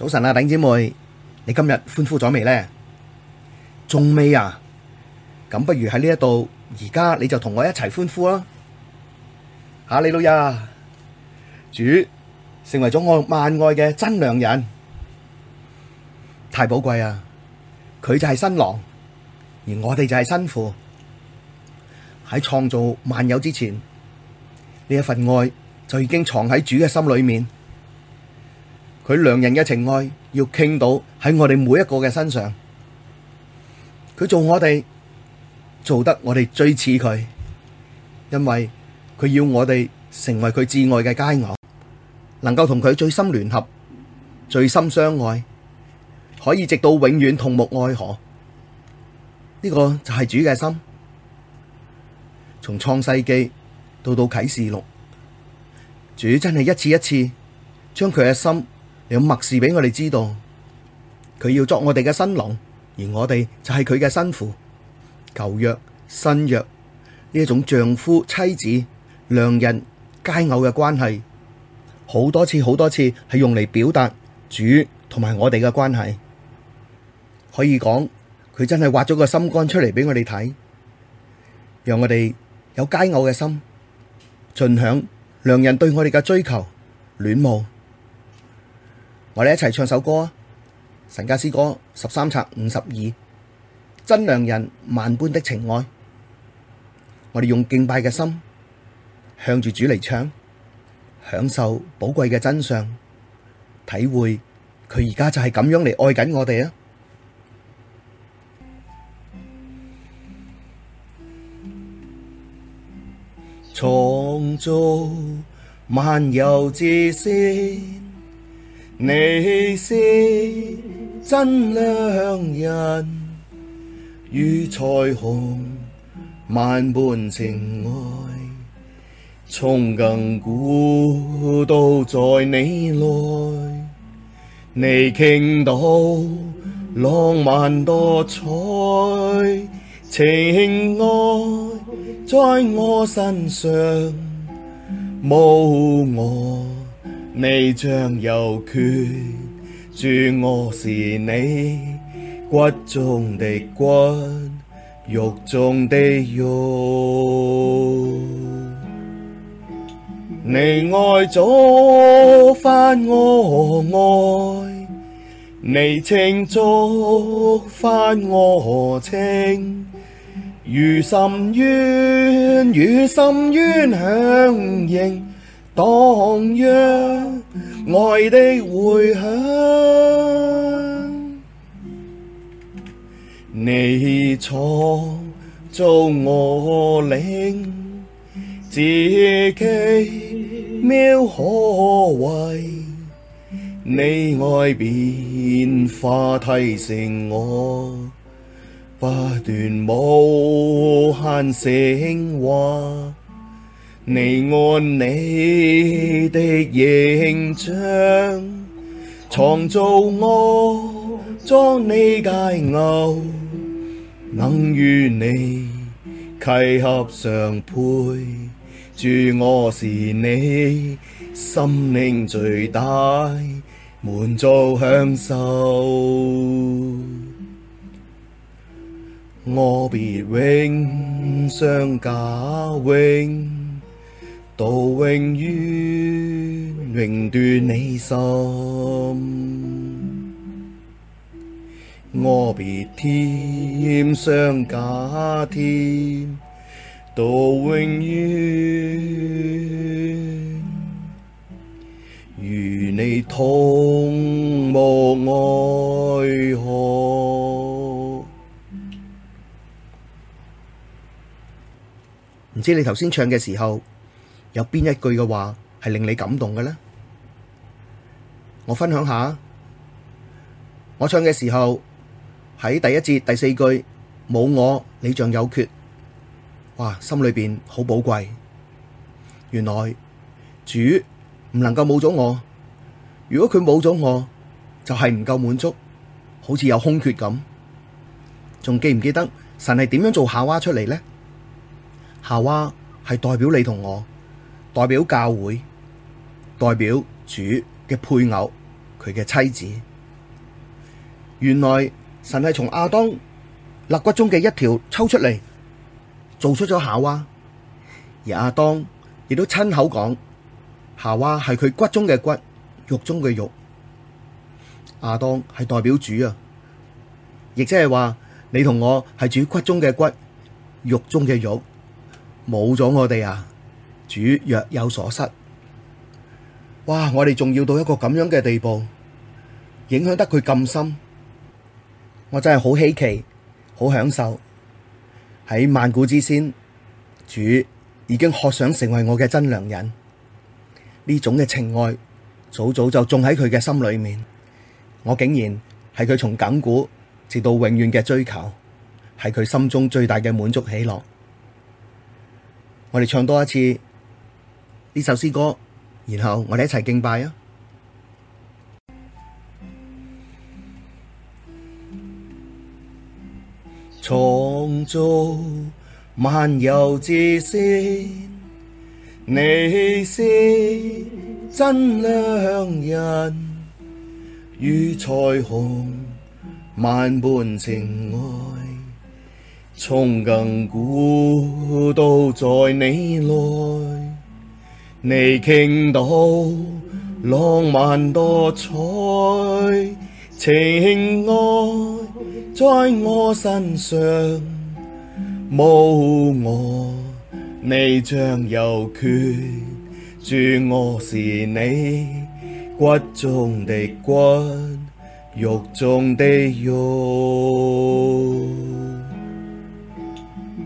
早晨啊，頂姐妹，你今日歡呼咗未呢？仲未啊！咁不如喺呢一度，而家你就同我一齊歡呼啊！哈利路亞，主成為咗我萬愛嘅真良人，太寶貴啊！佢就係新郎，而我哋就係新婦。喺創造萬有之前，呢一份愛就已經藏喺主嘅心裏面。佢良人嘅情愛要傾倒喺我哋每一個嘅身上，佢做我哋做得我哋最似佢，因為佢要我哋成為佢至愛嘅佳偶，能夠同佢最深聯合、最深相愛，可以直到永遠同沐愛河。呢個就係主嘅心，從創世記到到啟示錄，主真係一次一次將佢嘅心，有默示俾我哋知道，佢要作我哋嘅新郎，而我哋就係佢嘅新婦。舊約、新約呢一種丈夫、妻子、良人、佳偶嘅關係，好多次、好多次係用嚟表達主同埋我哋嘅關係。可以講，佢真係挖咗個心肝出嚟俾我哋睇，讓我哋有佳偶嘅心，盡享良人對我哋嘅追求、戀慕。我哋一齊唱首歌啊！神家詩歌十三冊五十二，真良人萬般的情愛，我哋用敬拜嘅心向住主嚟唱，享受寶貴嘅真相，體會佢而家就係咁樣嚟愛緊我哋啊！創造萬有之先。你是真良人，如彩虹，萬般情愛，從亙古都在你內，你傾倒浪漫多彩，情愛在我身上冇我。你像有缺，主，我是你骨中的骨，肉中的肉。 你愛早返我愛，你情早返我情，如深淵與深淵響應。蕩漾愛的回響，你創造我靈，至奇妙可畏，你愛變化提升我，不斷無限昇華。你按你的形象，創造我，作祢佳偶，能與你契合相配，主，我是你心靈最大滿足享受，我必榮上加榮。到永遠，永奪你心，我必甜，上加甜，到永遠，與你同沐愛河。唔知你頭先唱嘅時候。有邊一句嘅話係令你感動嘅呢？我分享下，我唱嘅時候喺第一節第四句，冇我你像有缺，哇，心裏邊好寶貴。原來主唔能夠冇咗我，如果佢冇咗我，就係唔夠滿足，好似有空缺咁。仲記唔記得神係點樣做夏娃出嚟呢？夏娃係代表你同我。代表教會，代表主嘅配偶，佢嘅妻子。原來神係從亞當肋骨中嘅一條抽出嚟，做出咗夏娃。而亞當亦都親口講：夏娃係佢骨中嘅骨，肉中嘅肉。亞當係代表主啊，亦即係話你同我係主骨中嘅骨，肉中嘅肉。冇咗我哋啊！主若有所失，哇！我哋仲要到一個咁樣嘅地步，影響得佢咁深，我真係好希奇，好享受，喺萬古之先，主已經渴想成為我嘅真良人，呢種嘅情愛早早就種喺佢嘅心裏面，我竟然係佢從亙古直到永遠嘅追求，係佢心中最大嘅滿足喜樂。我哋唱多一次。呢首詩歌，然後我哋一齊敬拜啊！創造萬有之先，你是真良人，如彩虹萬般情愛，從亙古都在你內。你傾倒，浪漫多彩，情愛在我身上，冇我，你像有缺；主，我是你骨中的骨，肉中的肉。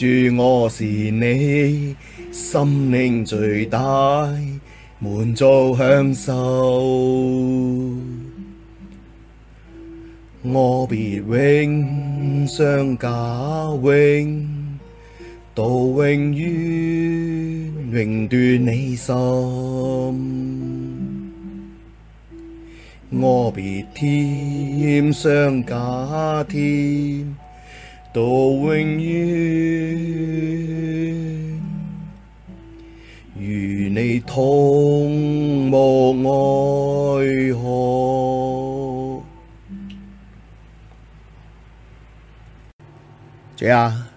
主，我是你心靈最大滿足享受。我必榮上加榮，到永遠，永奪你心。我必甜上加甜，到永遠，與你同沐愛河。姐啊，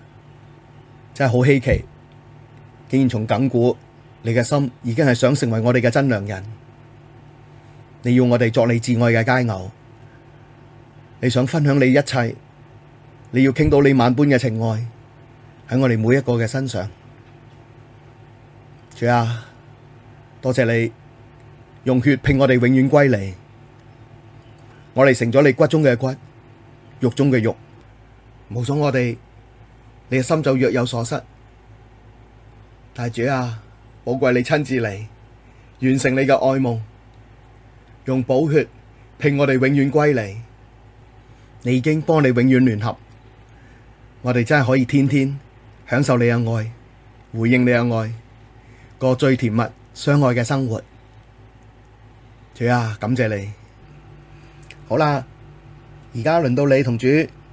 真係好稀奇，竟然從亙古，你嘅心已經係想成為我哋嘅真良人。你要我哋作你至愛嘅佳偶，你想分享你一切。你要傾倒你萬般嘅情愛喺我哋每一個嘅身上，主啊，多謝你用血拼我哋永遠歸嚟。我哋成咗你骨中嘅骨、肉中嘅肉，無咗我哋，你嘅心就若有所失。大主啊，寶貴你親自嚟完成你嘅愛夢，用寶血拼我哋永遠歸嚟。你已經幫你永遠聯合。我哋真係可以天天享受你嘅愛，回應你嘅愛，過最甜蜜相愛嘅生活。主啊，感謝你。好啦，而家輪到你同主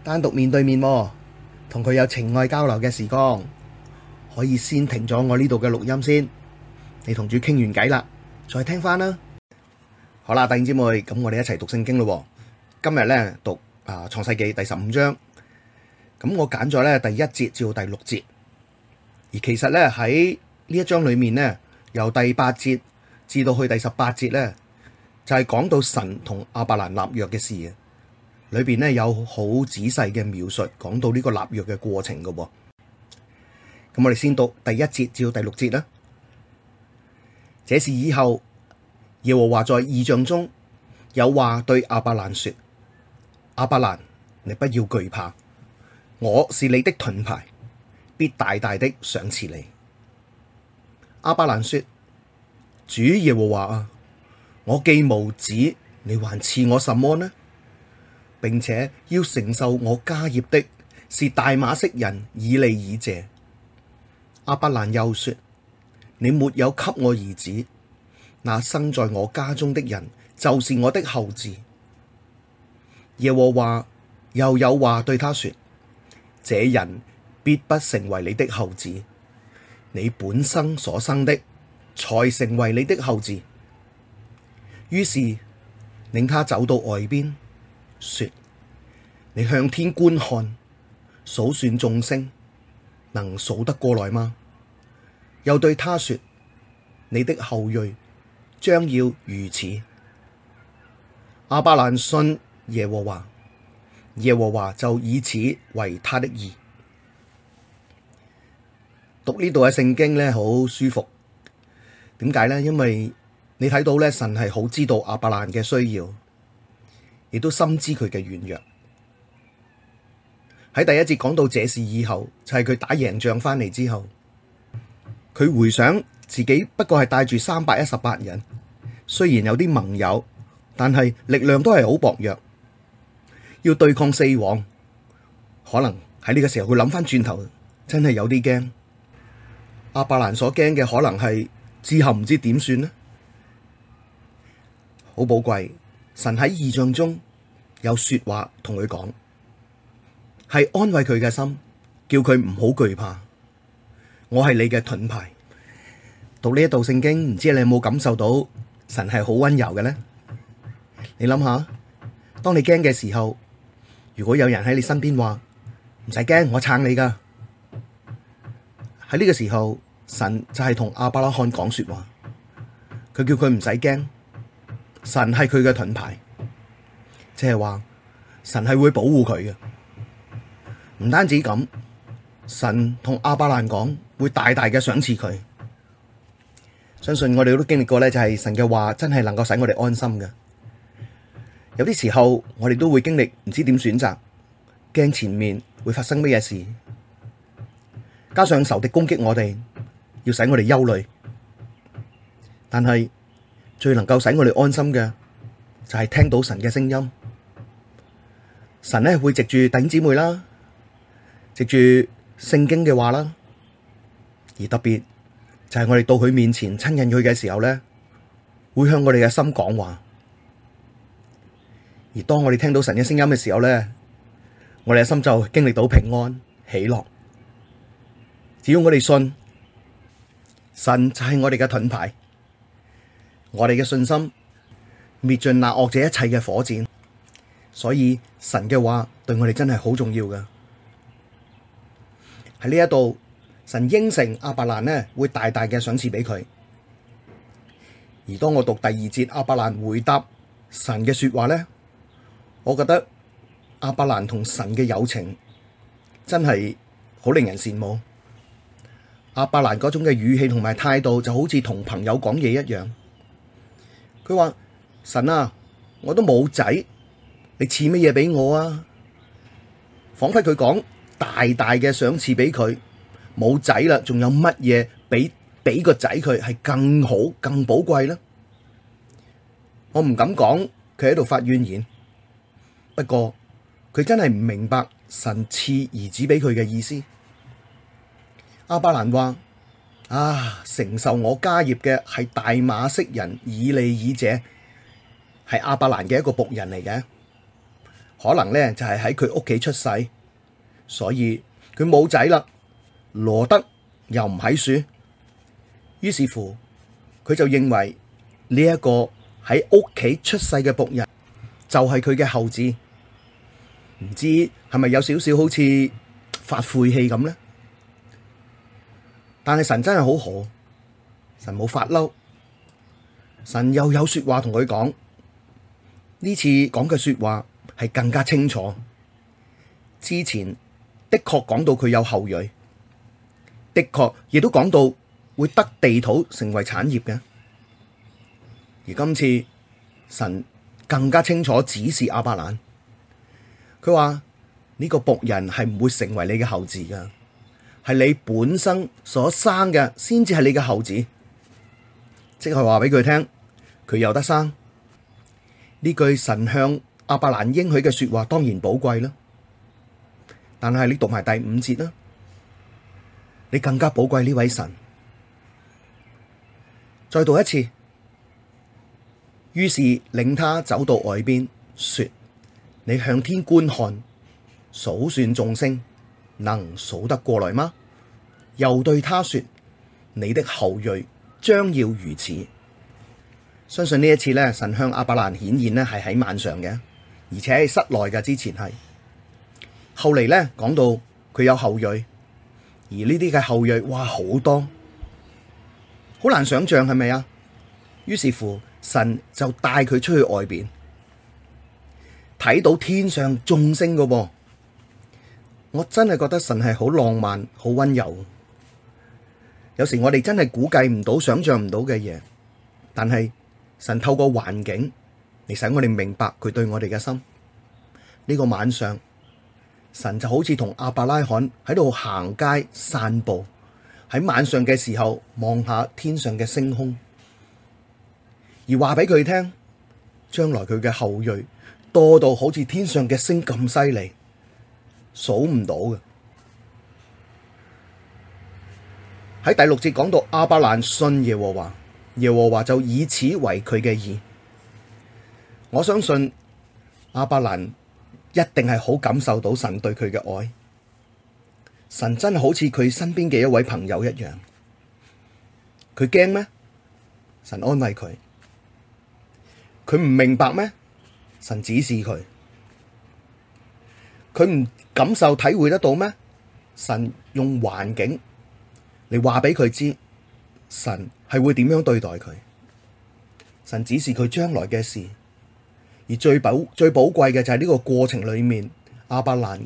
單獨面對面，啊，同佢有情愛交流嘅時光，可以先停咗我呢度嘅錄音先。你同主傾完偈啦，再聽翻啦。好啦，弟兄姐妹，咁，我哋一齊讀聖經咯。今日咧讀啊創、呃、世記第十五章。咁我揀咗咧第一節至到第六節，而其實咧喺呢一章裏面呢，由第八節至到去第十八節呢，就係、是、講到神同亞伯蘭立約嘅事啊。裏邊咧有好仔細嘅描述，講到呢個立約嘅過程嘅、啊。咁我哋先讀第一節至到第六節啦。這事以後，耶和華在異象中有話對亞伯蘭說：亞伯蘭，你不要懼怕。我是你的盾牌，必大大的賞賜你。亞伯蘭說：主耶和華啊，我既無子，你還賜我什麼呢？並且要承受我家業的，是大馬色人以利以謝。亞伯蘭又說：你沒有給我兒子，那生在我家中的人就是我的後嗣。耶和華又有話對他說。這人必不成為你的後嗣，你本身所生的才成為你的後嗣。於是領他走到外邊，說：你向天觀看，數算眾星，能數得過來嗎？又對他說：你的後裔將要如此。亞伯蘭信耶和華。耶和華就以此為他的意。讀呢度嘅聖經呢，好舒服。點解呢？因為你睇到呢，神係好知道阿伯蘭嘅需要，亦都深知佢嘅軟弱。喺第一節講到這事以後，就係、是、佢打贏仗翻嚟之後，佢回想自己不過係帶住三百一十八人，雖然有啲盟友，但係力量都係好薄弱。要對抗四王，可能喺呢個時候會諗翻轉頭，真係有啲驚。阿伯蘭所驚嘅可能係之後唔知點算呢？好寶貴，神喺異象中有說話同佢講，係安慰佢嘅心，叫佢唔好懼怕。我係你嘅盾牌。讀呢一道聖經，唔知你有冇感受到神係好溫柔嘅呢？你諗下，當你驚嘅時候。如果有人喺你身邊話唔使驚，我撐你噶。喺呢個時候，神就係同亞伯拉罕講說話，佢叫佢唔使驚，神係佢嘅盾牌，即係話神係會保護佢嘅。唔單止咁，神同亞伯蘭講會大大嘅賞賜佢。相信我哋都經歷過呢，就係神嘅話真係能夠使我哋安心嘅。有啲時候，我哋都會經歷唔知點選擇，驚前面會發生咩嘢事，加上仇敵攻擊我哋，要使我哋憂慮。但係最能夠使我哋安心嘅，就係、是、聽到神嘅聲音。神呢會藉住弟兄姊妹啦，藉住聖經嘅話啦，而特別就係我哋到佢面前親近佢嘅時候呢，會向我哋嘅心講話。而當我哋聽到神嘅聲音嘅時候咧，我哋嘅心就經歷到平安喜樂。只要我哋信，神就係我哋嘅盾牌，我哋嘅信心滅盡那惡者一切嘅火箭。所以神嘅話對我哋真係好重要嘅。喺呢一度，神應承亞伯蘭呢會大大嘅賞賜俾佢。而當我讀第二節，亞伯蘭回答神嘅說話咧。我覺得亞伯蘭同神嘅友情真係好令人羨慕。亞伯蘭嗰種嘅語氣同埋態度就好似同朋友講嘢一樣。佢話，神啊，我都冇仔，你賜乜嘢俾我啊？仿佛佢講大大嘅賞賜俾佢，冇仔啦，仲有乜嘢俾俾個仔佢係更好、更寶貴呢？我唔敢講佢喺度發怨言。不過佢真係唔明白神賜兒子俾佢嘅意思。亞伯蘭話：啊，承受我家業嘅係大馬色人以利以謝，係亞伯蘭嘅一個僕人嚟嘅。可能呢，就係喺佢屋企出世，所以佢冇仔啦。羅得又唔喺處，於是乎佢就認為呢一個喺屋企出世嘅僕人就係佢嘅後嗣。唔知係咪有少少好似發晦氣咁呢？但係神真係好好，神冇發嬲，神又有說話同佢講。呢次講嘅說話係更加清楚。之前的確講到佢有後裔，的確亦都講到會得地土成為產業嘅。而今次神更加清楚指示阿伯蘭。佢話呢個僕人係唔會成為你嘅後字噶，係你本身所生嘅先至係你嘅後字。即係話畀佢聽，佢有得生。呢句神向阿伯蘭應許嘅說話當然寶貴啦。但係你讀埋第五節啦，你更加寶貴呢位神。再讀一次。於是領他走到外邊，說。你向天觀看，數算眾星，能數得過來嗎？又對他說：你的後裔將要如此。相信呢一次咧，神向亞伯蘭顯現咧係喺晚上嘅，而且喺室內嘅。之前係後嚟呢講到佢有後裔，而呢啲嘅後裔，哇，好多，好難想象係咪啊？於是乎，神就帶佢出去外邊。睇到天上眾星噶噃，我真係覺得神係好浪漫、好溫柔。有時我哋真係估計唔到、想象唔到嘅嘢，但係神透過環境嚟使我哋明白佢對我哋嘅心。呢個晚上，神就好似同阿伯拉罕喺度行街散步，喺晚上嘅時候望下天上嘅星空而，而話俾佢聽，將來佢嘅後裔。多到好似天上嘅星咁犀利，數唔到嘅。喺第六節講到，亞伯蘭信耶和華，耶和華就以此為佢嘅義。我相信亞伯蘭一定係好感受到神對佢嘅愛，神真係好似佢身邊嘅一位朋友一樣。佢驚咩？神安慰佢，佢唔明白咩？神指示佢，佢唔感受體會得到咩？神用環境嚟話俾佢知，神係會點樣對待佢？神指示佢將來嘅事，而最寶最寶貴嘅就係呢個過程裏面，亞伯蘭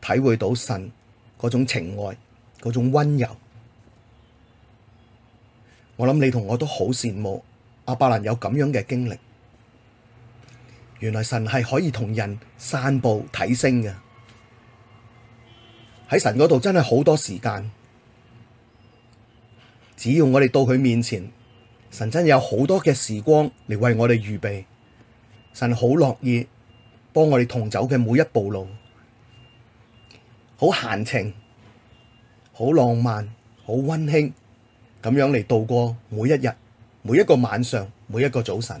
體會到神嗰種情愛、嗰種溫柔。我諗你同我都好羨慕亞伯蘭有咁樣嘅經歷。原來神係可以同人散步睇星嘅，喺神嗰度真係好多時間。只要我哋到佢面前，神真有好多嘅時光嚟為我哋預備。神好樂意幫我哋同走嘅每一步路，好閒情，好浪漫，好溫馨，咁樣嚟度過每一日、每一個晚上、每一個早晨。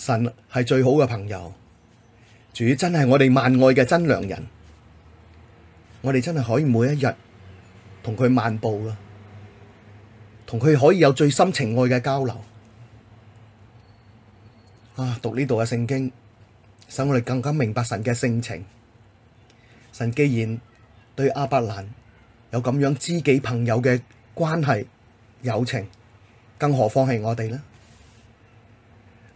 神係最好嘅朋友，主真係我哋萬愛嘅真良人，我哋真係可以每一日同佢漫步啊，同佢可以有最深情愛嘅交流。啊，讀呢度嘅聖經，使我哋更加明白神嘅性情。神既然對亞伯蘭有咁樣知己朋友嘅關係友情，更何況係我哋呢？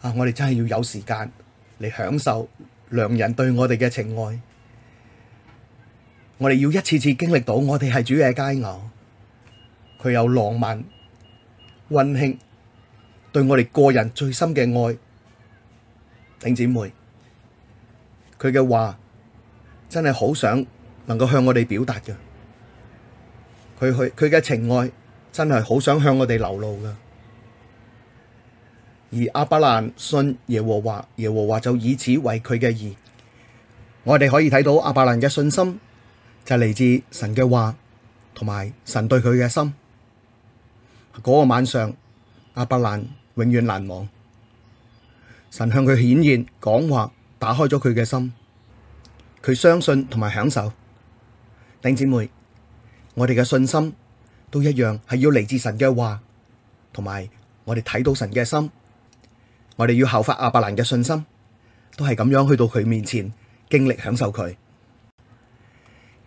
啊！我哋真係要有時間嚟享受良人對我哋嘅情愛，我哋要一次次經歷到我哋係主嘅佳偶，佢有浪漫、溫馨，對我哋個人最深嘅愛，頂姊妹，佢嘅話真係好想能夠向我哋表達嘅，佢佢佢嘅情愛真係好想向我哋流露噶。而亞伯蘭信耶和華，耶和華就以此為佢嘅義。我哋可以睇到亞伯蘭嘅信心就係嚟自神嘅話，同埋神對佢嘅心。嗰個晚上，亞伯蘭永遠難忘。神向佢顯現講話，打開咗佢嘅心，佢相信同埋享受。弟兄姊妹，我哋嘅信心都一樣係要嚟自神嘅話，同埋我哋睇到神嘅心。我哋要效法亞伯蘭嘅信心，都係咁樣去到佢面前，經歷享受佢。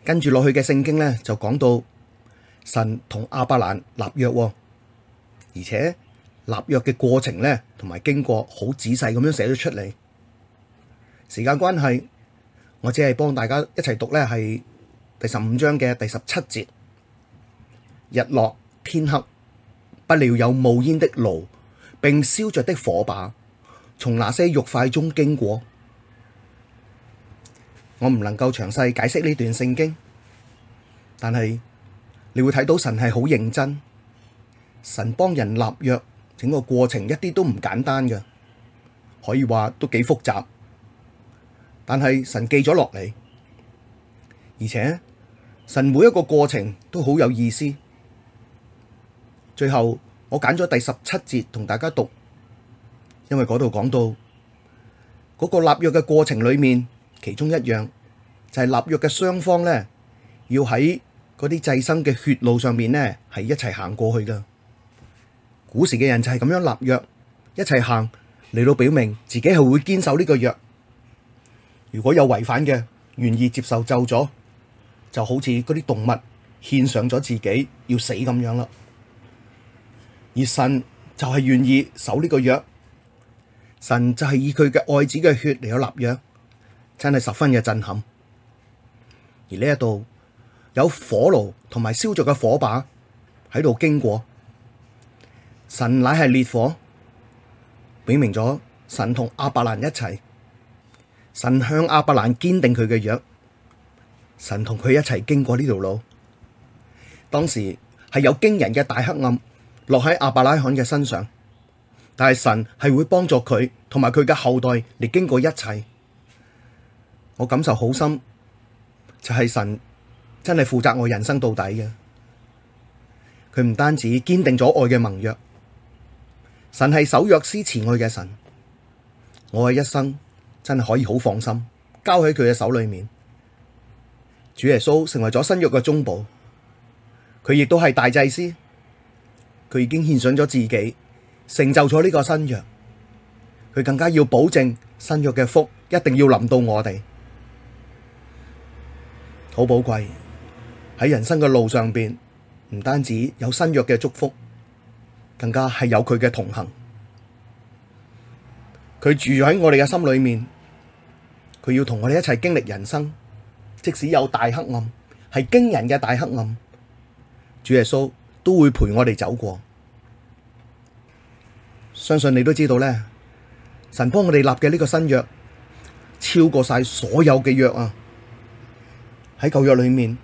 跟住落去嘅聖經呢，就講到神同亞伯蘭立約，哦，而且立約嘅過程呢，同埋經過好仔細咁樣寫咗出嚟。時間關係，我只係幫大家一齊讀呢，係第十五章嘅第十七節。日落天黑，不料有冒煙的爐，並燒着的火把，從那些肉塊中經過，我唔能夠詳細解釋呢段聖經，但係你會睇到神係好認真，神幫人立約整個過程一啲都唔簡單嘅，可以話都幾複雜，但係神記咗落嚟，而且神每一個過程都好有意思。最後我揀咗第十七節同大家讀。因為嗰度講到嗰、那個立約嘅過程裏面，其中一樣就係、是、立約嘅雙方呢，要喺嗰啲祭牲嘅血路上面呢，係一齊行過去噶古時嘅人就係咁樣立約，一齊行嚟，到表明自己係會堅守呢個約。如果有違反嘅，願意接受咒咗，就好似嗰啲動物獻上咗自己要死咁樣啦。而神就係願意守呢個約。神就係以佢嘅愛子嘅血嚟有立約，真係十分嘅震撼。而呢一度有火爐同埋燒着嘅火把喺度經過，神乃係烈火，表明咗神同亞伯蘭一齊，神向亞伯蘭堅定佢嘅約，神同佢一齊經過呢條路。當時係有驚人嘅大黑暗落喺亞伯拉罕嘅身上。但係神係會幫助佢同埋佢嘅後代嚟經過一切，我感受好深，就係神真係負責我人生到底嘅。佢唔單止堅定咗愛嘅盟約，神係守約施慈愛嘅神，我嘅一生真係可以好放心，交喺佢嘅手裏面。主耶穌成為咗新約嘅中保，佢亦都係大祭司，佢已經獻上咗自己。成就咗呢個新約，佢更加要保證新約嘅福一定要臨到我哋，好寶貴。喺人生嘅路上邊，唔單止有新約嘅祝福，更加係有佢嘅同行。佢住喺我哋嘅心裏面，佢要同我哋一齊經歷人生，即使有大黑暗，係驚人嘅大黑暗，主耶穌都會陪我哋走過。相信你都知道咧，神幫我哋立嘅呢個新約超過晒所有嘅約啊。喺舊約裏面，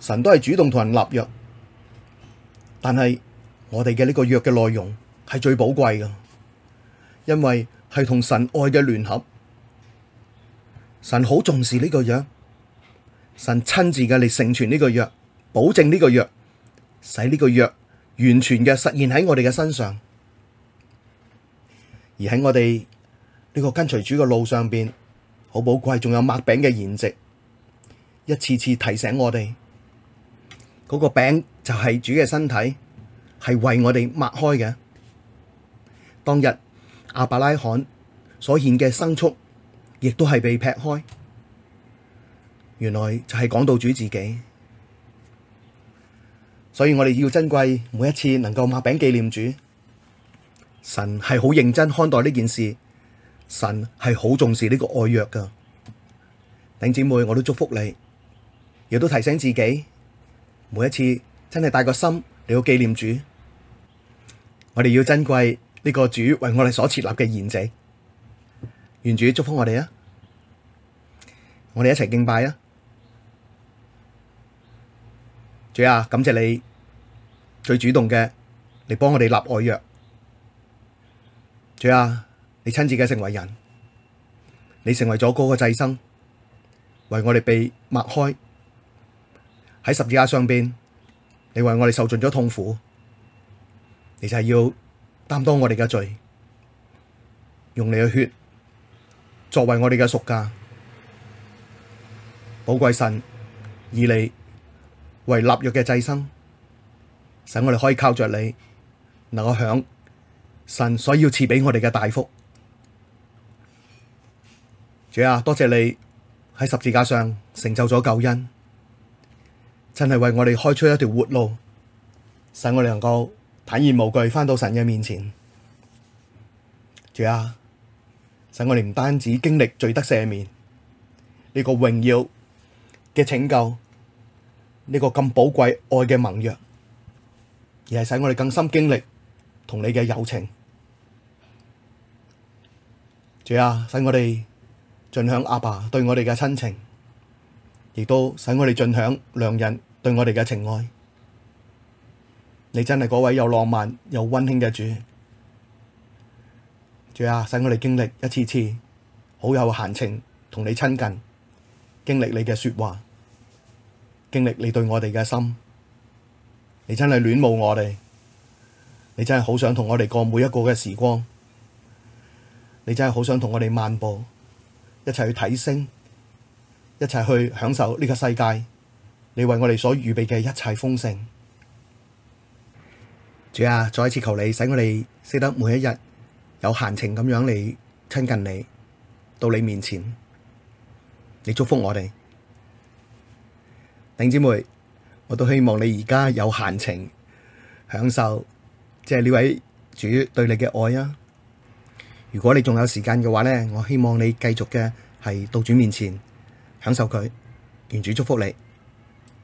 神都係主動同人立約，但係我哋嘅呢個約嘅內容係最寶貴噶，因為係同神愛嘅聯合。神好重視呢個約，神親自嘅嚟成全呢個約，保證呢個約，使呢個約完全嘅實現喺我哋嘅身上。而喺我哋呢個跟隨主嘅路上邊，好寶貴，仲有擘餅嘅筵席，一次次提醒我哋，嗰、那個餅就係主嘅身體，係為我哋擘開嘅。當日亞伯拉罕所獻嘅牲畜，亦都係被劈開。原來就係講到主自己，所以我哋要珍貴每一次能夠擘餅紀念主。神係好認真看待呢件事，神係好重視呢個愛約噶弟姐妹，我都祝福你，亦都提醒自己，每一次真係帶個心嚟去紀念主。我哋要珍貴呢個主為我哋所設立嘅宴席。願主祝福我哋啊！我哋一齊敬拜啊！主啊，感謝你最主動嘅你幫我哋立愛約。主啊，你親自嘅成為人，你成為咗嗰個祭牲，為我哋被抹開喺十字架上邊，你為我哋受盡咗痛苦，你就係要擔當我哋嘅罪，用你嘅血作為我哋嘅贖價，寶貴神以你為立約嘅祭牲，使我哋可以靠着你能夠響。神所要賜俾我哋嘅大福，主啊，多謝你喺十字架上成就咗救恩，真係為我哋開出一條活路，使我哋能夠坦然無懼返到神嘅面前。主啊，使我哋唔單止經歷罪得赦免，呢個榮耀嘅拯救，呢個咁寶貴愛嘅盟約，而係使我哋更深經歷同你嘅友情。主啊！使我哋盡享阿爸對我哋嘅親情，亦都使我哋盡享良人對我哋嘅情愛。你真係嗰位又浪漫又溫馨嘅主，主啊！使我哋經歷一次次好有閒情同你親近，經歷你嘅說話，經歷你對我哋嘅心。你真係戀慕我哋，你真係好想同我哋過每一個嘅時光。你真係好想同我哋漫步，一齊去睇星，一齊去享受呢個世界。你為我哋所預備嘅一切豐盛，主啊，再一次求你使我哋識得每一日有閒情咁樣嚟親近你，到你面前。你祝福我哋，弟兄姊妹，我都希望你而家有閒情享受，即係呢位主對你嘅愛啊！如果你仲有時間嘅話咧，我希望你繼續嘅係到主面前享受佢，願主祝福你。